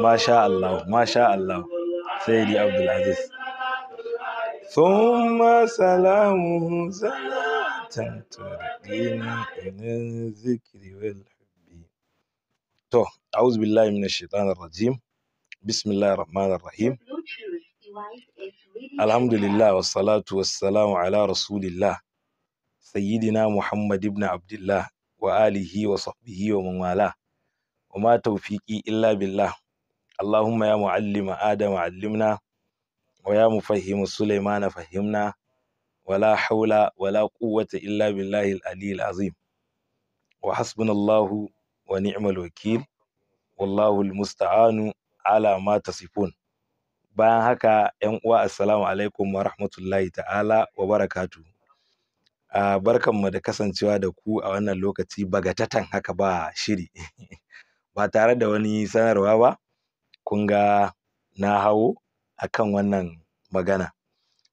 ما شاء الله ما شاء الله سيدي عبد العزيز ثم سلامه سلام ترقينا من الذكر والحب تو أعوذ بالله من الشيطان الرجيم بسم الله الرحمن الرحيم Alhamdulillah wassalatu wassalamu ala rasulillah sayyidina Muhammad ibn Abdullah wa alihi wa sahbihi wa man wala wa ma tawfiqi illa billah Allahumma ya muallima Adam allimna wa ya mufahhimu Sulaimana fahimna wala haula wala quwwata illa billahi al azim wa hasbunallahu wa ni'mal wakil wallahu al-musta'anu ala ma bayan haka yan uwa assalamu alaikum wa rahmatullahi ta'ala wa barakatu barkan mu da kasancewa da ku a wannan lokaci bagatatan haka ba shiri ba tare da wani sanarwa ba kun ga na hawo akan wannan magana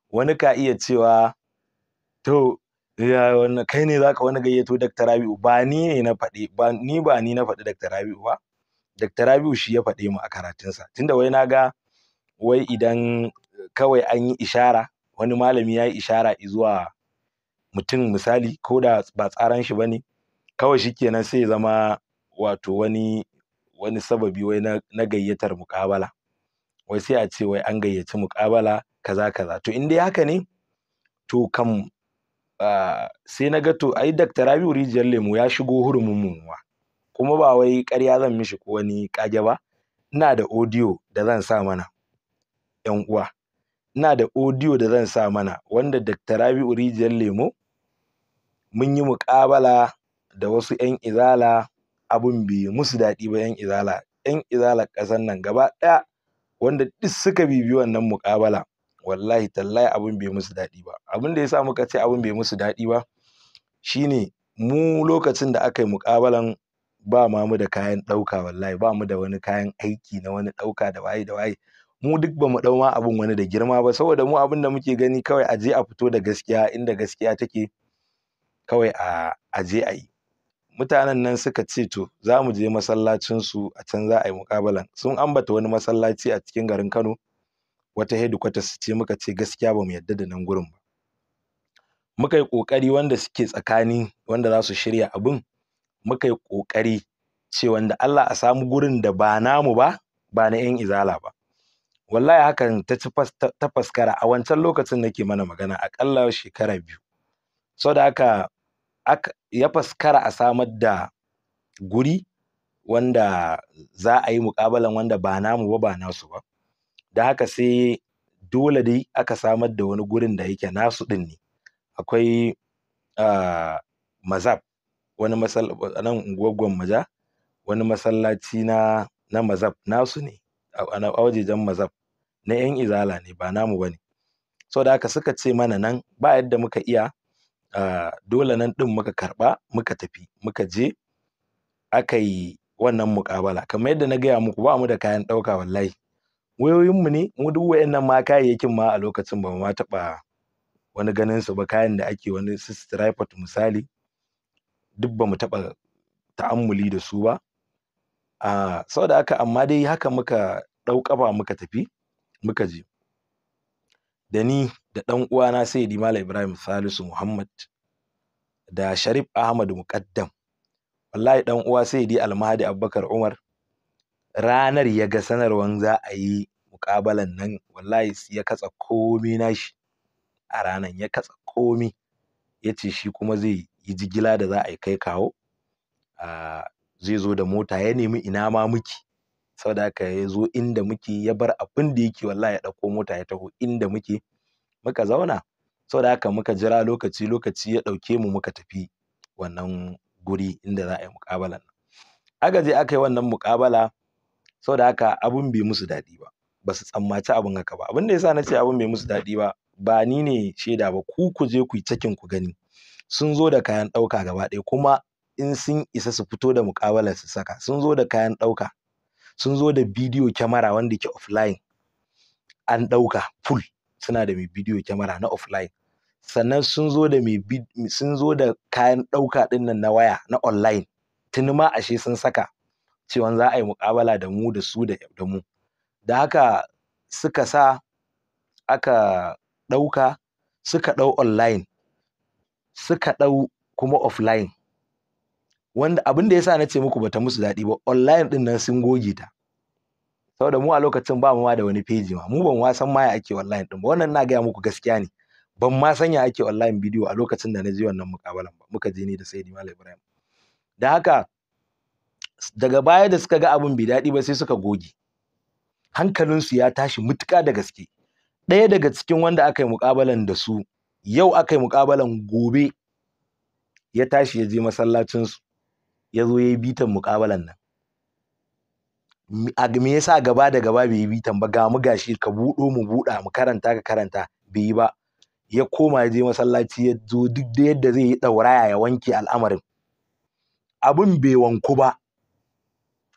wani ka iya cewa to ya kai ne zaka wani gayyato Dr. Rabi'u ba ni ne na faɗi ba ni ba ni na faɗi Dr. Rabi'u ba Dr. Rabi'u shi ya faɗe mu a karatunsa tunda wai na ga wai idan kawai an yi ishara wani malami ya yi ishara zuwa mutum misali ko da ba tsaran shi ba ne kawai shi kenan sai ya zama wato wani wani sababi wai na, gayyatar muƙabala wai sai a ce wai an gayyaci muƙabala kaza kaza to in dai haka ne to kam sai na ga to ai dakta Rabiu Rijiyar Lemu ya shigo hurumin mumuwa kuma ba wai ƙarya zan mishi ko wani ƙage ba ina da odiyo da zan sa mana 'yan uwa ina da odiyo da zan sa mana wanda Dr. Rabi'u Rijiyar lemu mun yi muƙabala da wasu 'yan izala abin bai musu daɗi ba 'yan izala 'yan izala ƙasar nan gaba ɗaya wanda duk suka bibi wannan muƙabala wallahi tallahi abin bai musu daɗi ba abin da ya sa muka ce abin bai musu daɗi ba shine mu lokacin da aka yi muƙabalan ba ma mu da kayan ɗauka wallahi ba mu da wani kayan aiki na wani ɗauka da waye da waye mu duk ba mu ɗau ma abin wani da girma ba saboda mu abin da muke gani kawai a je a fito da gaskiya inda gaskiya take kawai a je a yi mutanen nan suka ce to za mu je masallacinsu a can za a yi muƙabalan sun ambata wani masallaci a cikin garin kano wata headquarters ce muka ce gaskiya ba mu yarda da nan gurin ba muka yi ƙoƙari wanda suke tsakani wanda za su shirya abin muka yi ƙoƙari ce wanda Allah a samu gurin da ba namu ba ba na 'yan izala ba wallahi hakan ta ta faskara a wancan lokacin nake mana magana a ƙalla shekara biyu saboda da haka ya faskara a samar da guri wanda za a yi muƙabalan wanda ba namu ba ba nasu ba da haka sai dole dai aka samar da wani gurin da yake nasu din ne akwai ah, mazab wani nan unguwar gwammaja wani masallaci na mazab nasu ne a wajejen mazhab na yan izala ne ba namu bane saboda haka suka ce mana nan ba yadda muka iya dole nan din muka karba muka tafi muka je aka yi wannan muƙabala kamar yadda na gaya muku ba mu da kayan ɗauka wallahi wayoyinmu ne mu duk wayannan ma kayayyakin ma a lokacin ba mu ma taɓa wani ganin su ba kayan da ake wani su misali duk ba mu taɓa ta'ammuli da su ba a sau da haka amma dai haka muka ɗau ƙafa muka tafi muka je da ni da ɗan uwana sai malam ibrahim salisu muhammad da sharif ahmad muqaddam wallahi ɗan uwa sai di almahadi abubakar umar ranar ya ga sanarwan za a yi muƙabalan nan wallahi ya katsa komi nashi a ranar ya katsa komi ya ce shi kuma zai yi jigila da za a yi kai kawo zai zo da mota ya nemi ina ma muke saboda haka ya zo inda muke ya bar abin da yake wallahi ya ɗauko mota ya taho inda muke muka zauna saboda haka muka jira lokaci lokaci ya ɗauke mu muka tafi wannan guri inda za a yi muƙabalan nan aka je aka yi wannan muƙabala saboda haka abin bai musu daɗi ba ba su tsammaci abin haka ba abin da yasa na ce abin bai musu daɗi ba ba ni ne shaida ba ku ku je ku yi cakin ku gani sun zo da kayan ɗauka gaba ɗaya kuma in sun isa su fito da muƙabalar su saka sun zo da kayan ɗauka sun zo da bidiyo kyamara wanda ke offline an ɗauka full suna da mai bidiyo kyamara na offline sannan sun zo da sun zo da kayan ɗauka ɗin nan na waya na online tuni ma ashe sun saka cewa za a yi muƙabala da mu da su da mu da haka suka sa aka ɗauka suka ɗau online suka ɗau kuma offline wanda abin da yasa na ce muku bata musu daɗi ba online din nan sun goge ta saboda mu a lokacin ba mu ma da wani feji ma mu ban wasan ma ya ake online din ba wannan na gaya muku gaskiya ne ban ma sanya ake online video a lokacin da na je wannan mukabalan ba muka je ni da Sayyidi Malam Ibrahim da haka daga baya da suka ga abin bai daɗi ba sai suka goge Hankalin su ya tashi mutuka da gaske ɗaya daga cikin wanda aka yi mukabalan da su yau aka yi mukabalan gobe ya tashi ya je masallacin su. ya zo ya yi bitan muƙabalan nan me yasa gaba da gaba bai yi bitan ba ga mu gashi ka buɗo mu buɗa mu karanta ka karanta bai yi ba ya koma ya je masallaci ya zo duk da yadda zai yi ɗauraya ya wanke al'amarin abin bai wanku ba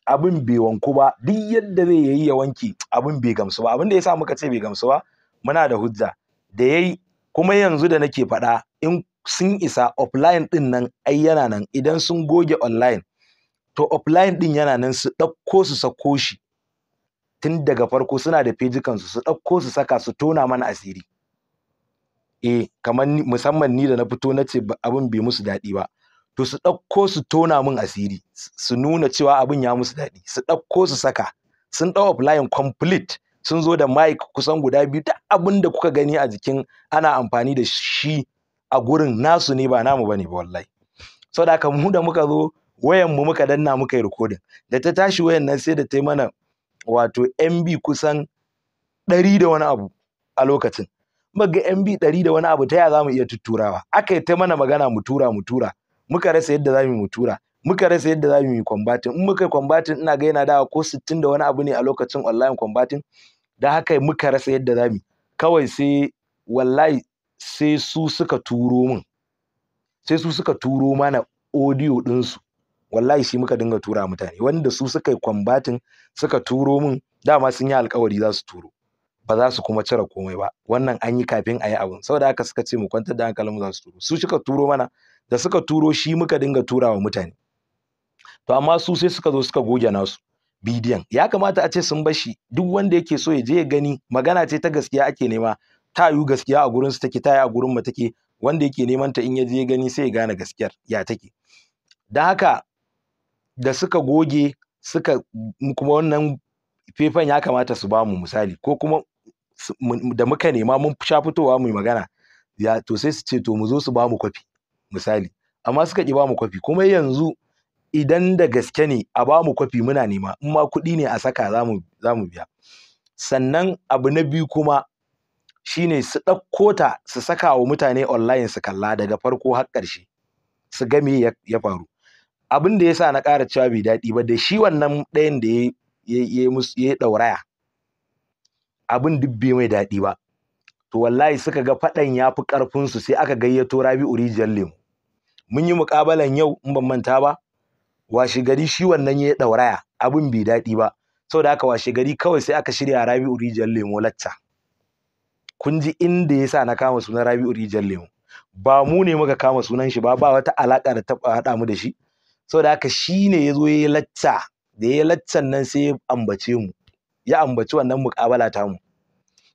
abin bai wanku ba duk yadda zai yi ya wanke abin bai gamsu ba abin da yasa muka ce bai gamsu ba muna da hujja da yayi kuma yanzu da nake faɗa in sun isa offline ɗin nan ai yana nan idan sun goge online to offline ɗin yana nan su ɗauko su sako shi tun daga farko suna da kansu su ɗauko su saka su tona mana asiri eh kamar musamman ni da na fito na ce abin bai musu daɗi ba to su ɗauko su tona min asiri su nuna cewa abin ya musu daɗi su ɗauko su saka sun ɗau offline complete sun zo da mic kusan guda biyu duk abin da kuka gani a jikin ana amfani da shi a gurin nasu ne ba namu bane ba wallahi saboda haka mu da muka zo wayan mu muka danna muka yi recording da ta tashi wayan nan sai da ta yi mana wato MB kusan 100 da wani abu a lokacin muka ga MB 100 da wani abu ta ya za mu iya tutturawa aka yi ta mana magana mu tura mu tura muka rasa yadda za mu tura muka rasa yadda za mu yi kwambatin in muka yi kwambatin ina ga yana dawa ko sittin da wani abu ne a lokacin online kwambatin da haka muka rasa yadda za mu kawai sai wallahi sai su suka turo min sai su suka turo mana audio ɗinsu wallahi shi muka dinga tura mutane wanda su suka yi kwambatin suka turo min dama sun yi alkawari za su turo ba za su kuma cire komai ba wannan an yi kafin a yi abin saboda haka suka ce mu kwantar da hankalinmu za su turo su suka turo mana da suka turo shi muka dinga tura wa mutane to amma su sai suka zo suka goge nasu bidiyon ya kamata a ce sun bashi duk wanda yake so ya je ya gani magana ce ta gaskiya ake nema ta yiwu gaskiya a gurin su take ta yi a gurin mu take wanda yake neman ta in ya je gani sai ya gane gaskiyar ya take don haka da suka goge suka kuma wannan fefan ya kamata su bamu misali ko kuma da muka nema mun sha fitowa mu magana ya to sai su ce to mu zo su bamu kwafi misali amma suka ki bamu kwafi kuma yanzu idan da gaske ne a bamu kwafi muna nema in ma kuɗi ne a saka za mu biya sannan abu na biyu kuma shine su ɗauko ta su saka wa mutane online su kalla daga farko har ƙarshe su ga me ya faru abin da yasa na ƙara cewa bai daɗi ba da shi wannan ɗayan da ya ya ɗauraya abin duk bai mai daɗi ba to wallahi suka ga faɗan ya fi ƙarfinsu sai aka gayyato rabi Rijiyar Lemu mun yi muƙabalan yau in ban manta ba washe gari shi wannan ya ɗauraya abin bai daɗi ba saboda haka washe gari kawai sai aka shirya Rabi'u Rijiyar Lemu lacca kun ji inda ya sa na kama sunan Rabi'u Rijal Lemu ba mu ne muka kama sunan shi ba ba wata alaka da ta haɗa mu da shi saboda haka shi ne ya zo ya latta da ya yi laccan nan sai ya ambace mu ya ambaci wannan muƙabala ta mu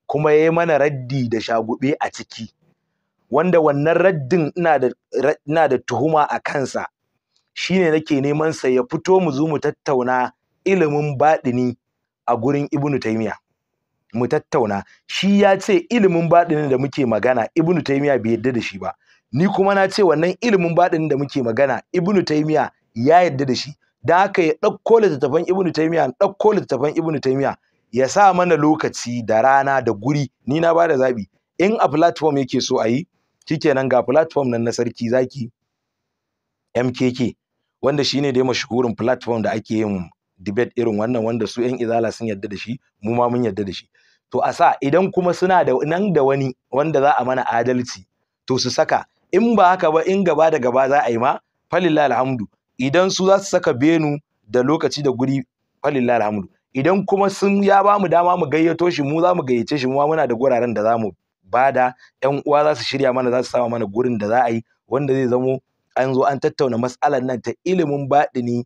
kuma ya yi mana raddi da shagube a ciki wanda wannan raddin ina da tuhuma a kansa shine nake neman sa ya fito mu zo mu tattauna ilimin baɗini a gurin Ibn Taymiyyah mu tattauna shi ya ce ilimin baɗinin da muke magana ibnu taymiya bai yadda da shi ba ni kuma na ce wannan ilimin baɗin da muke magana ibnu taymiya ya yadda da shi Da haka ya ɗauko littattafan ibnu taymiya ɗauko littattafan ibnu taymiya ya sa mana lokaci da rana da guri ni na bada zabi in a platform yake so a yi shikenan ga platform nan na sarki zaki MKK wanda shine da dai mashahurin platform da ake yin debate irin wannan wanda su 'yan izala sun yadda da shi mu ma mun yadda da shi to a sa idan kuma suna da nan da wani wanda za a mana adalci to su saka in ba haka ba in gaba da gaba za a yi ma falillah alhamdu idan su za su saka benu da lokaci da guri falillah alhamdu idan kuma sun ya ba mu dama mu gayyato shi mu za mu gayyace shi mu muna da guraren da za mu bada 'yan uwa za su shirya mana za su sama mana gurin da za a yi wanda zai zamo an zo an tattauna matsalar nan ta ilimin baɗini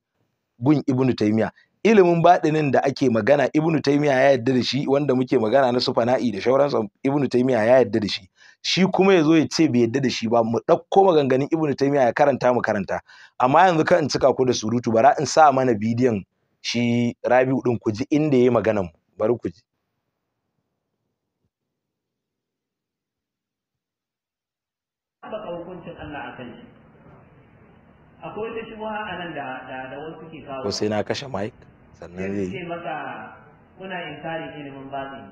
gun ibnu taymiya ilimin baɗinin da ake magana ibnu taimiya ya yarda da shi wanda muke magana na su fana'i da shauransa ibnu taimiya ya yarda da shi shi kuma ya zo ya ce bai yarda da shi ba mu ɗauko maganganun ibnu taimiya ya karanta mu karanta amma yanzu kan in cika ku da surutu bara in sa mana bidiyon shi rabi'u ɗin ku ji inda ya yi maganan bari ku ji akwai wata a nan da wasu ke kawo sai na kashe mike sannan zai ce maka kuna in kare ilimin batin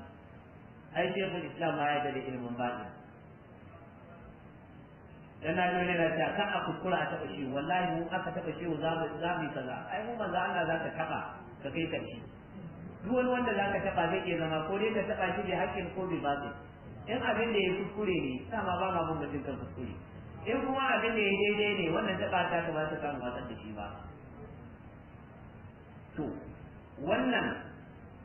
ai shekul islam ma ya da ilimin batin dan na ji na ta kan a kula a shi wallahi mu aka taba shi za mu za mu kaza ai mu manzo Allah za ka taɓa ka kai karshe duk wani wanda za ka taɓa zai iya zama ko dai ka taɓa shi da hakkin ko bai batin in abin da ya kuskure ne sama ba ma mun da kan kuskure in kuma abin da ya daidai ne wannan taba ta ba ta kan wasa da shi ba wannan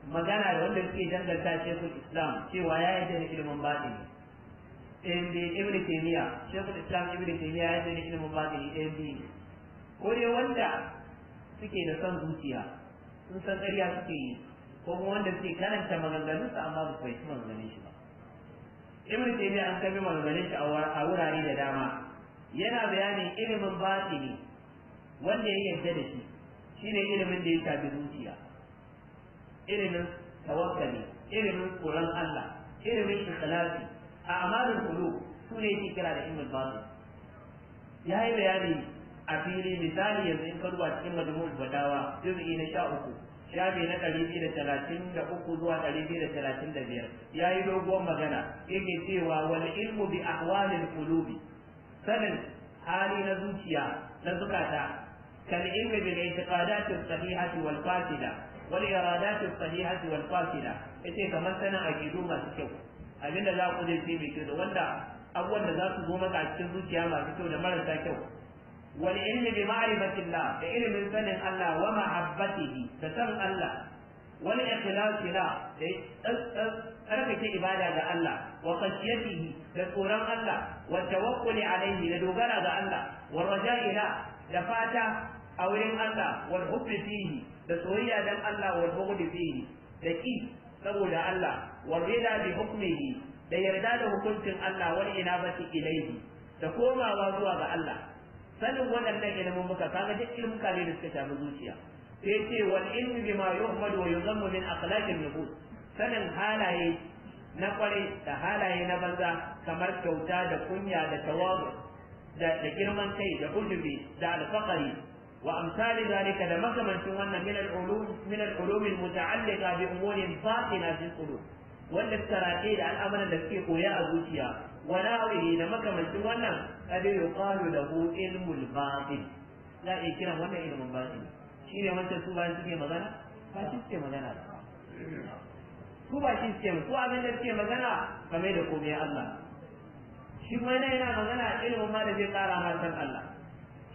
magana da wanda suke danganta shekul islam cewa ya yarda da ilimin batini ɗayan ibn taymiya shekul islam ibn taymiya ya yi da ilimin batini ɗayan biyu ko dai wanda suke da son zuciya sun san ƙarya suke yi ko kuma wanda suke karanta maganganunsa amma ba su fahimci maganganun shi ba ibn taymiya an kabi maganganun shi a wurare da dama yana bayanin ilimin batini wanda ya yarda da shi shine ilimin da ya shafi zuciya ilimin tawakkali ilimin tsoron Allah ilimin ikhlasi a amalin kulu su ne yake kira da ilimin batin ya yi bayani a fili misali yanzu in karuwa cikin majmu'ul Badawa, juz'i na sha uku shafi na ɗari biyu da talatin da uku zuwa ɗari biyu da talatin da biyar ya yi doguwar magana yake cewa Wani ilmu bi ahwalil qulubi sanin hali na zuciya na zukata kal ilmi bil i'tiqadati as-sahihati wal fasida wal iradatu sahihati wal ya ce kamar sana aqidu masu kyau abinda za ku zai fi mai kyau da wanda abubuwan da za su zo maka a cikin zuciya masu kyau da marasa kyau wal ilmi bi ma'rifatillah da ilmin sanin Allah wa mahabbatihi da san Allah wal ikhlasi la da tsarkake ibada ga Allah wa khashiyatihi da tsoron Allah wa a alaihi da dogara ga Allah wa raja'ila da fata a wurin Allah wa hubbi fihi da soyayya dan Allah wal bughdi fihi da ki saboda Allah wal rida bi hukmihi da yarda da hukuncin Allah wal inabati ilayhi da komawa zuwa ga Allah sanin waɗannan mun muka kaga duk ilimin kare da suka shafi zuciya sai ce wal ilmi bima yuhmadu wa yuzammu min akhlaqin nufus sanin halaye na kware da halaye na banza kamar kyauta da kunya da tawagu da girman kai da ujubi da alfaqari وأمثال ذلك لما كمان من العلوم من العلوم المتعلقة بأمور باطنة في القلوب wanda suka raƙe da al'amuran da suke koya a zuciya wani aure da makamancin wannan kada ya ƙwaro da hu ilmul batin za a iya kiran wannan ilmin shi ne wancan su suke magana ba shi suke magana su abin da suke magana kamar da komai Allah shi kuma yana magana ilmin ma da zai kara ma san Allah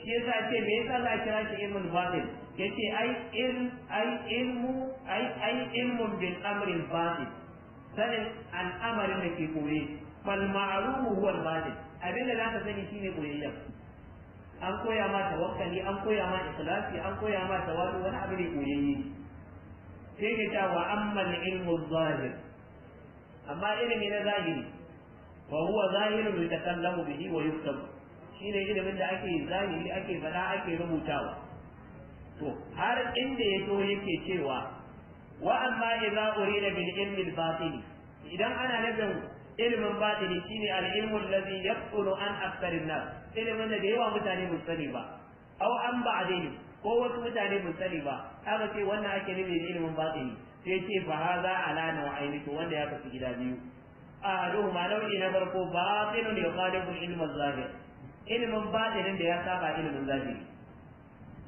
shi yasa ce me yasa za a kira shi ilmul batil yace ai in ai ilmu ai ai ilmun bil amril batil sanin al'amarin da ke koye fal ma'rufu huwa al batin abinda zaka sani shine koyayya an koya ma tawakkali an koya ma ikhlasi an koya ma tawadu wani abu ne koyayye sai ka ta wa amma al ilmu zahir amma ilimi na zahiri wa huwa zahirun yatakallamu bihi wa yuktabu shine ilimin da ake zahiri ake bala ake rubutawa to har inda ya zo yake cewa wa amma idza urida bil ilmi al batini idan ana nabin ilimin batini shine al ilmu allazi yaqulu an al nas ilimin da da yawa mutane mun sani ba aw an ba'dini ko wasu mutane mun sani ba aka ce wannan ake nufi ilimin batini sai ce fa hadha ala nau'aini to wanda ya kasu gida biyu ma nau'i na farko batinun yuqalibu ilmu zahir ilimin batinin da ya saba ilimin zahiri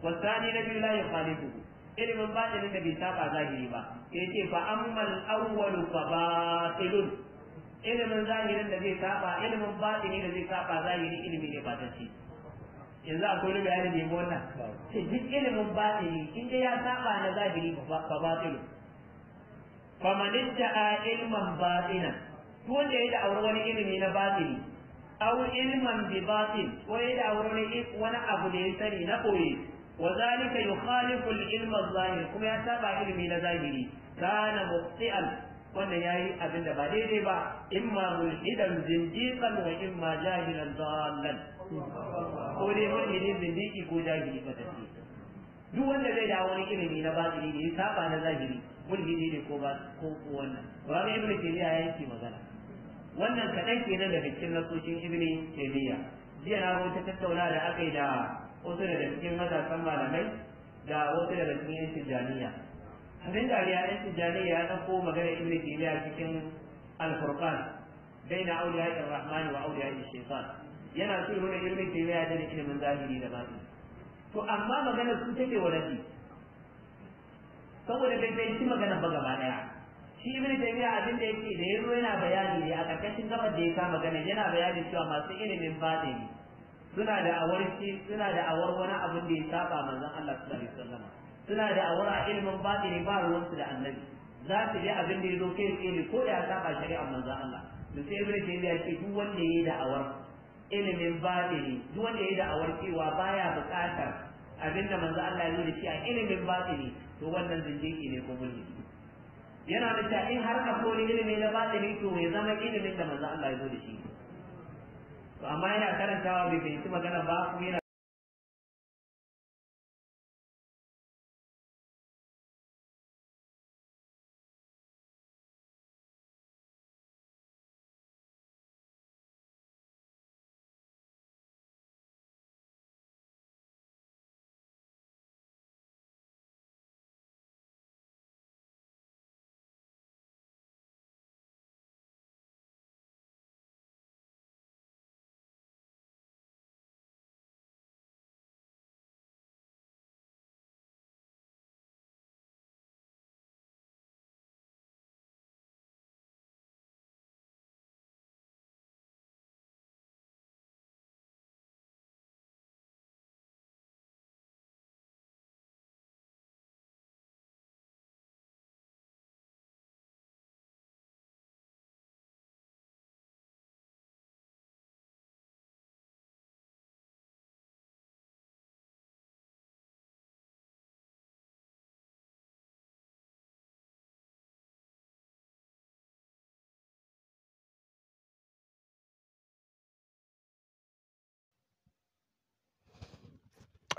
wasani na biyu layin yukhalifu ilimin batinin da bai saba zahiri ba yace fa ammal awwal fa batilun ilimin zahirin da zai saba ilimin batini da zai saba zahiri ilimi ne ba ta ce yanzu a kone bayani ne mu wannan ce duk ilimin batini in dai ya saba na zahiri fa batilu fa man idda'a ilimin batina duk da ya da aure wani ilimi na batini أو ilman bi batin ko ya da wani abu ne ya sani na koyi wa zalika yukhalifu al-ilm zahir kuma ya saba ilimi na zahiri kana muqti'an wannan yayi abin da ba daidai ba imma duk wanda zai dawo wani ilimi na batini ne ya saba na zahiri mulhidi ne ko ba ko wannan ba ibnu tayyiba yake magana wannan kaɗan nan daga cikin nasoshin ibni taimiyya jiya na wata tattauna da aka yi da wasu daga cikin matasan malamai da wasu daga cikin yan tijjaniya abin dariya yan tijjaniya ya ɗauko magana ibni taimiyya cikin na baina awliya rahman wa awliya shaytan yana so ya wani ibni taimiyya da ilimin zahiri da batini to amma maganar su take wa rabi saboda bai bai ci magana ba gaba ɗaya. shi ibn taymiya abin da yake da yaro yana bayani ne a karkashin gabar da ya kama magana yana bayani cewa masu ilimin batini suna da shi suna da awar wani abin da ya saba manzon Allah sallallahu alaihi wasallam suna da awar a ilimin batini ba su da annabi za su yi abin da ya zo kai tsaye ko da ya saba shari'ar manzon Allah da sai ibn ya ce duk wanda ya yi da'awar ilimin batini duk wanda ya yi da'awar cewa baya buƙatar abin da manzon Allah ya yi da shi a ilimin batini to wannan zinjiri ne ko mulki yana da cewa in har ka koli ilimi na batini to mai zama ilimin da manzo Allah ya zo da shi to amma yana karantawa bai bai magana ba kuma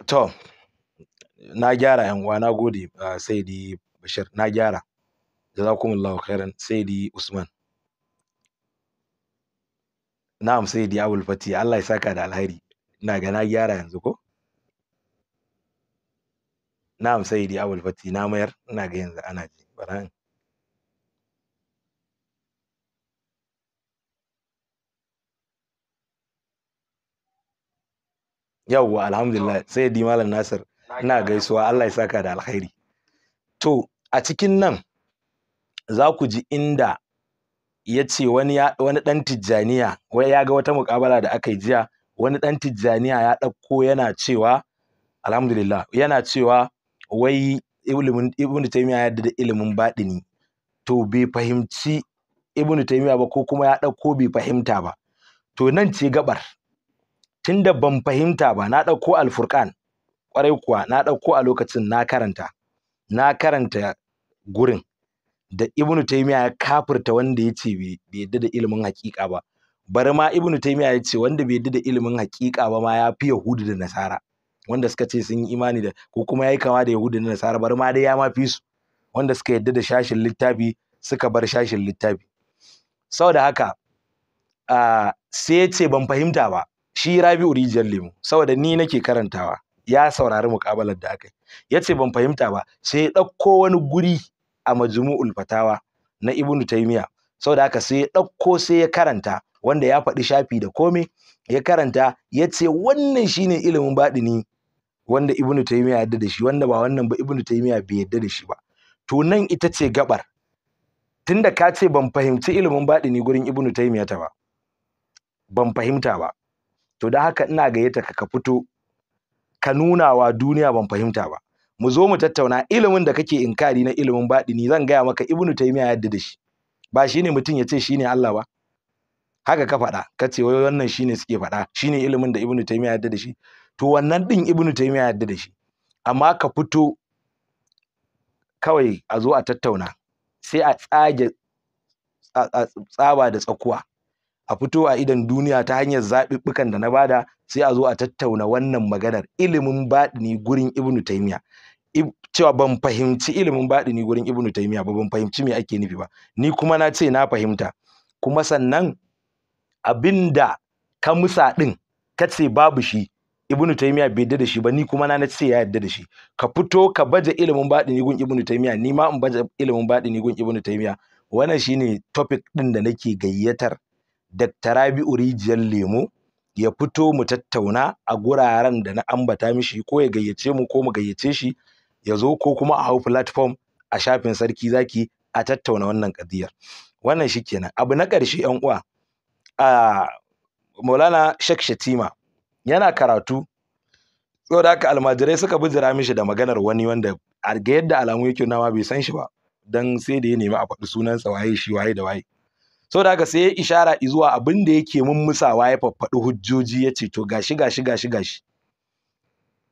To, na gyara yan uwa, na gode Saidi Bashir, na gyara. Jazakumullahu khairan Saidi Usman. Na'am Saidi Abul Fati, Allah ya saka da alhari Ina ga na gyara yanzu ko? Na'am Saidi Abul Fati, na mayar, ina ga yanzu ana ji. Baran. yawwa alhamdulillah sai di malam nasir ina gaisuwa Allah ya saka da alkhairi to a cikin nan za ku ji inda ya ce wani ɗan tijjaniya wai ya ga wata muƙabala da aka yi jiya wani ɗan tijjaniya ya ɗauko yana cewa alhamdulillah yana cewa wai ibnu taymiya ya yarda da ilimin baɗini to bai fahimci ibnu taymiya ba ko kuma ya ɗauko bai fahimta ba to nan ce gabar Tun da ban fahimta ba na ɗauko alfurƙan ƙwarai kuwa na ɗauko a lokacin na karanta na karanta gurin da ibnu taimiya ya kafirta wanda ya ce bai yadda da ilimin haƙiƙa ba bari ma ibnu taimiya ya ce wanda bai yadda da ilimin haƙiƙa ba ma ya fi yahudu da nasara wanda suka ce sun yi imani da ko kuma ya yi kama da yahudu da nasara bari ma dai ya ma fi su wanda suka yadda da shashin littafi suka bar shashin littafi saboda haka ah, sai ya ce ban fahimta ba shi Rabi'u rijiyar lemu saboda ni nake karantawa ya saurari muƙabalar da aka yi ce ban fahimta ba sai ya ɗauko wani guri a majmu'ul fatawa na ibnu Taymiyyah saboda haka sai ya ɗauko sai ya karanta wanda ya faɗi shafi da komai ya karanta ya ce wannan shine ilimin baɗini wanda Ibn ya yadda da shi wanda ba wannan ba Ibn Taymiyyah bai yadda da shi ba to nan ita ce gabar tunda ka ce ban fahimci ilimin baɗini gurin Ibn Taymiyyah ta ba ban fahimta ba to da haka ina gayyata ka ka fito ka nuna wa duniya ban fahimta ba mu zo mu tattauna ilimin da kake inkari na ilimin baɗini zan gaya maka ibnu taymiya yadda da shi ba shine mutum ya ce shine Allah ba haka ka faɗa ka ce wai wannan shine suke faɗa shine ilimin da ibnu taymiya yadda da shi to wannan din ibnu taymiya yadda da shi amma ka fito kawai a zo a tattauna sai a tsage tsaba da tsakuwa a fito a idan duniya ta hanyar zaɓiɓɓukan da na bada sai a zo a tattauna wannan maganar ilimin baɗini gurin ibnu taimiya cewa ban fahimci ilimin baɗini gurin ibnu taimiya ba ban fahimci me ake nufi ba ni kuma na ce na fahimta kuma sannan abinda ka musa ɗin ka ce babu shi ibnu taimiya bai yadda da shi ba ni kuma na ce ya yadda da shi ka fito ka baje ilimin baɗini gun ibnu taimiya ni ma in baje ilimin baɗini gun ibnu taimiya wannan shine topic ɗin da nake gayyatar Dr. Rabi'u Rijiyar Lemo ya fito mu tattauna a guraren da na ambata mishi ko ya gayyace mu ko mu gayyace shi ya zo ko kuma a hau platform a shafin sarki zaki a tattauna wannan kadiyar wannan shikenan abu na ƙarshe yan uwa a Maulana Sheikh Shatima yana karatu saboda haka almajirai suka bijira mishi da maganar wani wanda ga yadda alamu yake nama bai san shi ba dan sai da ya nemi a faɗi sunansa waye shi waye da waye so da haka sai ya ishara izuwa, abin da yake mummusawa ya faffaɗi hujjoji ya ce to gashi gashi gashi gashi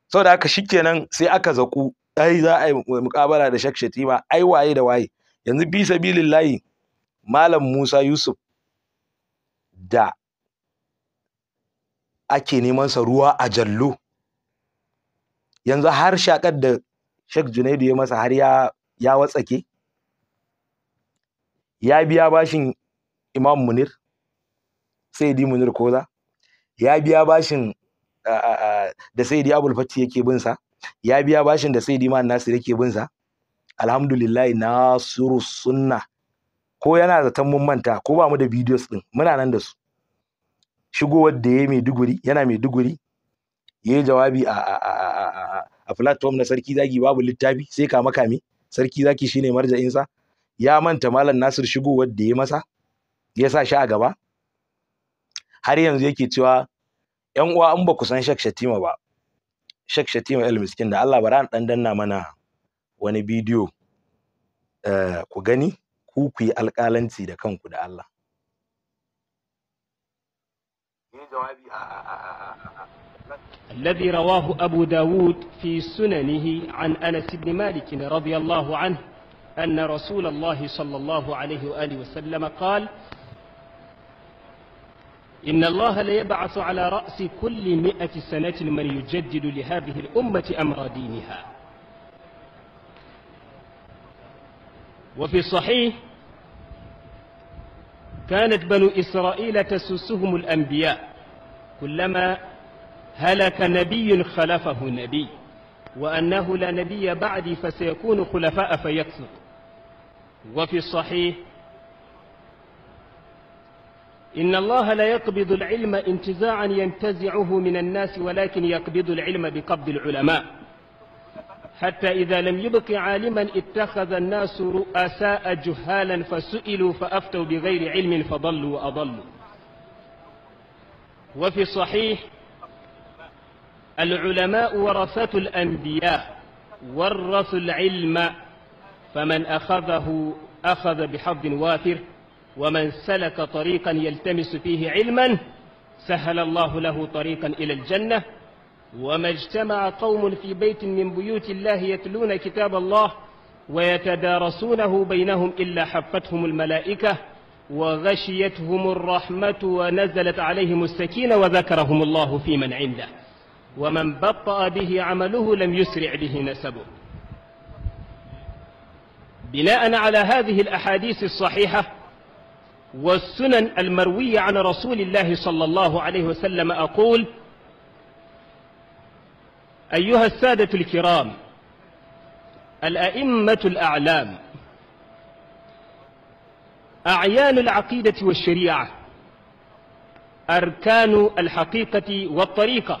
so da haka shikenan sai aka zaku ai za a yi mukabara da Sheikh Shatima ai waye da waye yanzu bi sabilillahi Malam Musa Yusuf da ake neman sa ruwa a jallo yanzu har shakar da Sheikh Junaidu ya masa har ya ya watsake ya biya bashin imam munir sai di munir koza ya biya bashin da sai di abul fatti yake bin sa ya biya bashin da saidi di man nasir yake bin sa alhamdulillah nasiru sunna ko yana da tambun manta ko ba mu da videos din muna nan da su shigowar da ya maiduguri yana maiduguri ya yi jawabi a, a, a, platform na sarki zaki babu littafi sai kama kame sarki zaki shine marja'insa ya manta malam nasir shigowar da ya masa ya sa shi a gaba har yanzu yake cewa ƴan uwa in ba ku san Sheikh Shatima ba Sheikh Shatima El Miskin da Allah bara dan danna mana wani bidiyo ku gani ku ku yi alƙalanci da kanku da Allah الذي رواه أبو داود في سننه عن أنس بن مالك رضي الله عنه أن رسول الله صلى الله عليه وآله وسلم قال إن الله ليبعث على رأس كل مئة سنة من يجدد لهذه الأمة أمر دينها وفي الصحيح كانت بنو إسرائيل تسوسهم الأنبياء كلما هلك نبي خلفه نبي وأنه لا نبي بعدي فسيكون خلفاء فيكثر وفي الصحيح إن الله لا يقبض العلم انتزاعا ينتزعه من الناس ولكن يقبض العلم بقبض العلماء حتى إذا لم يبق عالما اتخذ الناس رؤساء جهالا فسئلوا فأفتوا بغير علم فضلوا وأضلوا وفي الصحيح العلماء ورثة الأنبياء ورثوا العلم فمن أخذه أخذ بحظ وافر ومن سلك طريقا يلتمس فيه علما سهل الله له طريقا إلى الجنة وما اجتمع قوم في بيت من بيوت الله يتلون كتاب الله ويتدارسونه بينهم إلا حفتهم الملائكة وغشيتهم الرحمة ونزلت عليهم السكينة وذكرهم الله في من عنده ومن بطأ به عمله لم يسرع به نسبه بناء على هذه الأحاديث الصحيحة والسنن المروية عن رسول الله صلى الله عليه وسلم أقول أيها السادة الكرام الأئمة الأعلام أعيان العقيدة والشريعة أركان الحقيقة والطريقة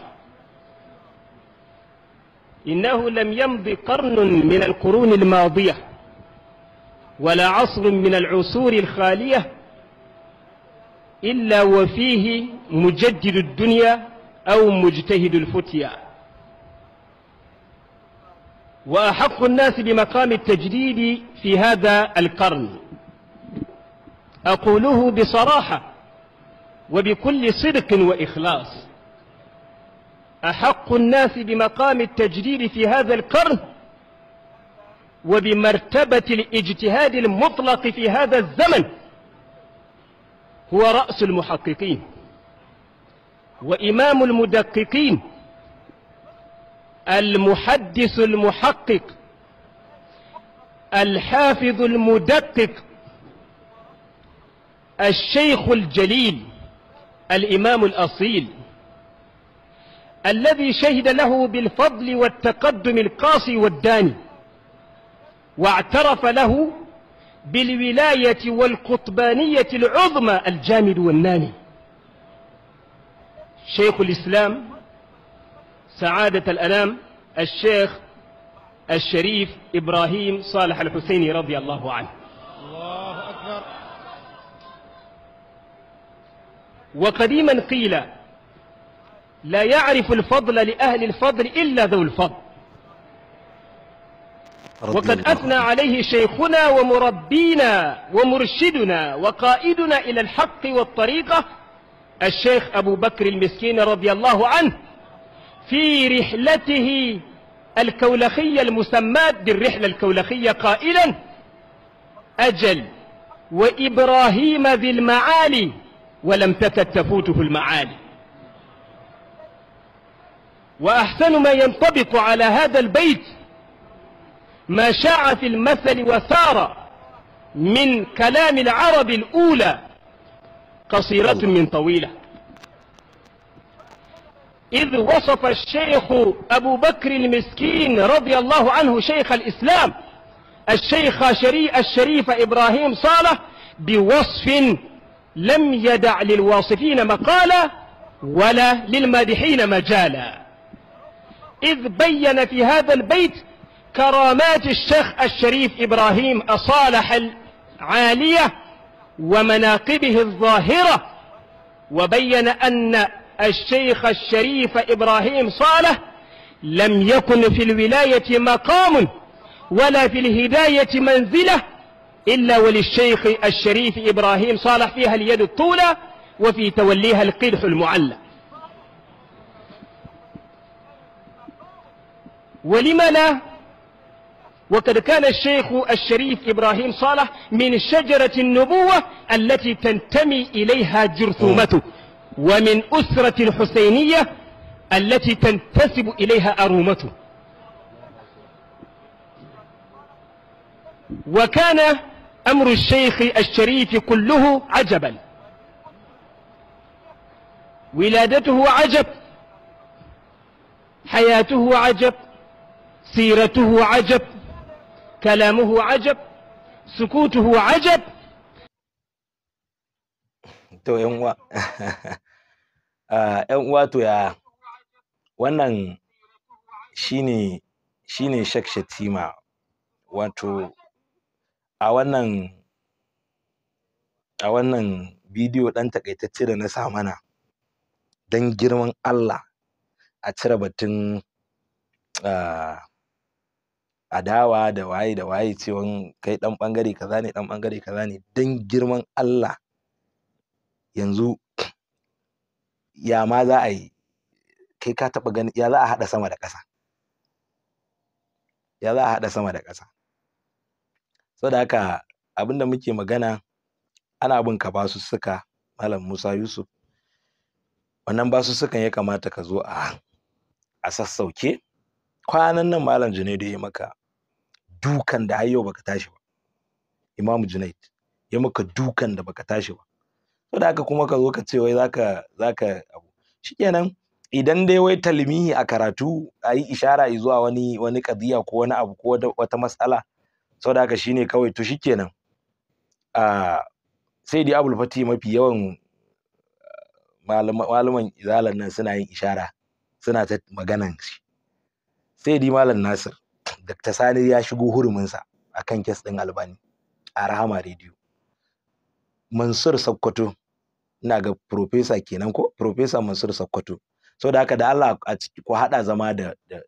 إنه لم يمض قرن من القرون الماضية ولا عصر من العصور الخالية إلا وفيه مجدد الدنيا أو مجتهد الفتيا وأحق الناس بمقام التجديد في هذا القرن أقوله بصراحة وبكل صدق وإخلاص أحق الناس بمقام التجديد في هذا القرن وبمرتبة الاجتهاد المطلق في هذا الزمن هو رأس المحققين وإمام المدققين المحدث المحقق الحافظ المدقق الشيخ الجليل الإمام الأصيل الذي شهد له بالفضل والتقدم القاسي والداني واعترف له بالولاية والقطبانية العظمى الجامد والناني شيخ الإسلام سعادة الأنام الشيخ الشريف إبراهيم صالح الحسيني رضي الله عنه الله أكبر وقديما قيل لا يعرف الفضل لأهل الفضل إلا ذو الفضل وقد أثنى عليه شيخنا ومربينا ومرشدنا وقائدنا إلى الحق والطريقة الشيخ أبو بكر المسكين رضي الله عنه في رحلته الكولخية المسماة بالرحلة الكولخية قائلا أجل وإبراهيم ذي المعالي ولم تكد تفوته المعالي وأحسن ما ينطبق على هذا البيت ما شاع في المثل وثار من كلام العرب الأولى قصيرة من طويلة إذ وصف الشيخ أبو بكر المسكين رضي الله عنه شيخ الإسلام الشيخ شري الشريف إبراهيم صالح بوصف لم يدع للواصفين مقالا ولا للمادحين مجالا إذ بين في هذا البيت كرامات الشيخ الشريف إبراهيم أصالح العالية ومناقبه الظاهرة وبين أن الشيخ الشريف إبراهيم صالح لم يكن في الولاية مقام ولا في الهداية منزلة إلا وللشيخ الشريف إبراهيم صالح فيها اليد الطولة وفي توليها القدح المعلى ولم لا وقد كان الشيخ الشريف إبراهيم صالح من شجرة النبوة التي تنتمي إليها جرثومته ومن أسرة الحسينية التي تنتسب إليها أرومته وكان أمر الشيخ الشريف كله عجبا ولادته عجب حياته عجب سيرته عجب كلامه عجب سكوته عجب to yan uwa yan uwa to ya wannan shine shine shakshatima wato a wannan a wannan bidiyo dan takaitacce da na sa mana don girman Allah a cire batun ah, adawa da waye da waye cewan kai ɗan ɓangare kaza ne ɗan ɓangare kaza ne don girman Allah yanzu ya ma za a yi kai ka taɓa ganin ya za a haɗa sama da ƙasa ya za a haɗa sama da ƙasa saboda haka abinda muke magana ana bin ka basussuka malam Musa Yusuf wannan basussukan ya kamata ka zo a a sassauke kwanan nan malam Junaidu ya maka dukan da har yau baka tashi ba imamu junaid ya maka dukan da baka tashi ba to da haka kuma ka zo ka ce wai zaka zaka abu shikenan idan dai wai talmihi a karatu a yi ishara zuwa wani wani kadiya ko wani abu ko wata matsala saboda haka shine kawai to shikenan a sai dai abul fati mafi yawan malaman izalan nan suna yin ishara suna ta maganan shi sai dai malam nasir Dr. Sani ya shigo huruminsa a kan kes ɗin Albani a Rahama Radio. Mansur Sokoto ina ga profesa kenan ko profesa Mansur Sokoto so da haka da Allah a ciki ku haɗa zama da da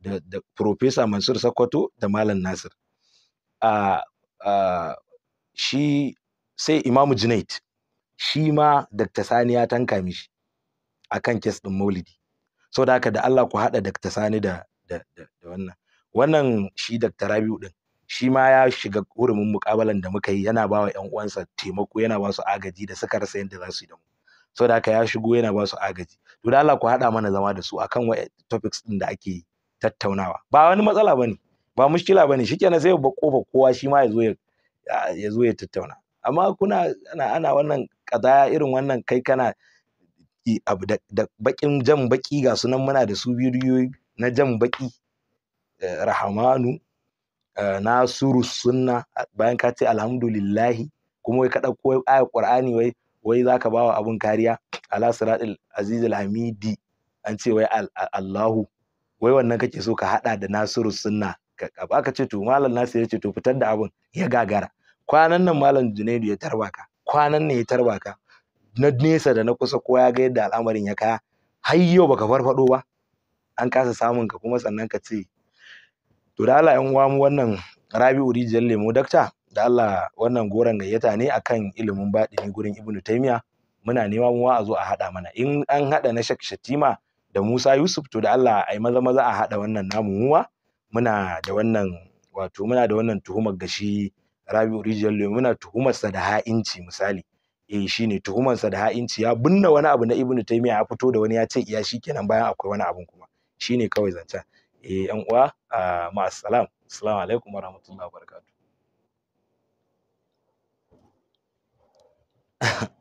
da, da profesa Mansur Sokoto da Malam Nasir a a shi sai Imam Junaid shi ma Dr. Sani ya tanka mishi akan kes ɗin Maulidi so da haka da Allah ku haɗa Dr. Sani da da da, da wannan wannan shi Dr. Rabiu din shi ma ya shiga hurumin mukabalan da muka yi yana ba wa ƴan uwansa taimako yana ba su agaji da suka rasa yadda za su yi da mu saboda haka ya shigo yana ba su agaji to da Allah ku haɗa mana zama da su akan topics din da ake tattaunawa ba wani matsala bane ba mushkila bane shikenan sai ba kofa kowa shi ma ya zo ya zo ya tattauna amma kuna ana ana wannan kadaya irin wannan kai kana abu da bakin jan baki ga sunan muna da su bidiyoyi na jan baƙi. Eh, rahamanu eh, nasiru sunna bayan ka ce alhamdulillahi kuma wai ka ɗauko aya qur'ani wai wai zaka bawa abun kariya ala siratil azizil hamidi an ce wai allahu wai wannan kake so ka haɗa da nasiru sunna aka ce to malam nasir ya ce to fitar da abun ya gagara kwanan nan malam junaidu ya tarbaka kwanan ne ya tarbaka na nesa da na kusa ko ya ga yadda al'amarin ya kaya har yau baka farfado ba an kasa samun ka kuma sannan ka ce to da Allah yan uwa mu wannan Rabi'u rijiyar lemo dakta da Allah wannan goron gayyata ne akan ilimin baɗini gurin Ibn taimiya muna nema mu a zo a haɗa mana in an haɗa na Shak Shatima da Musa Yusuf to da Allah ai maza maza a haɗa wannan namu muwa muna da wannan wato muna da wannan tuhumar gashi Rabi'u rijiyar lemo muna tuhumarsa da ha'inci misali eh shine tuhumarsa da ha'inci ya binne wani abu na Ibn Taymiyyah ya fito da wani ya ce iya shikenan bayan akwai wani abun kuma shine kawai zancen eh yan uwa assalam assalamu alaikum warahmatullahi wabarakatuh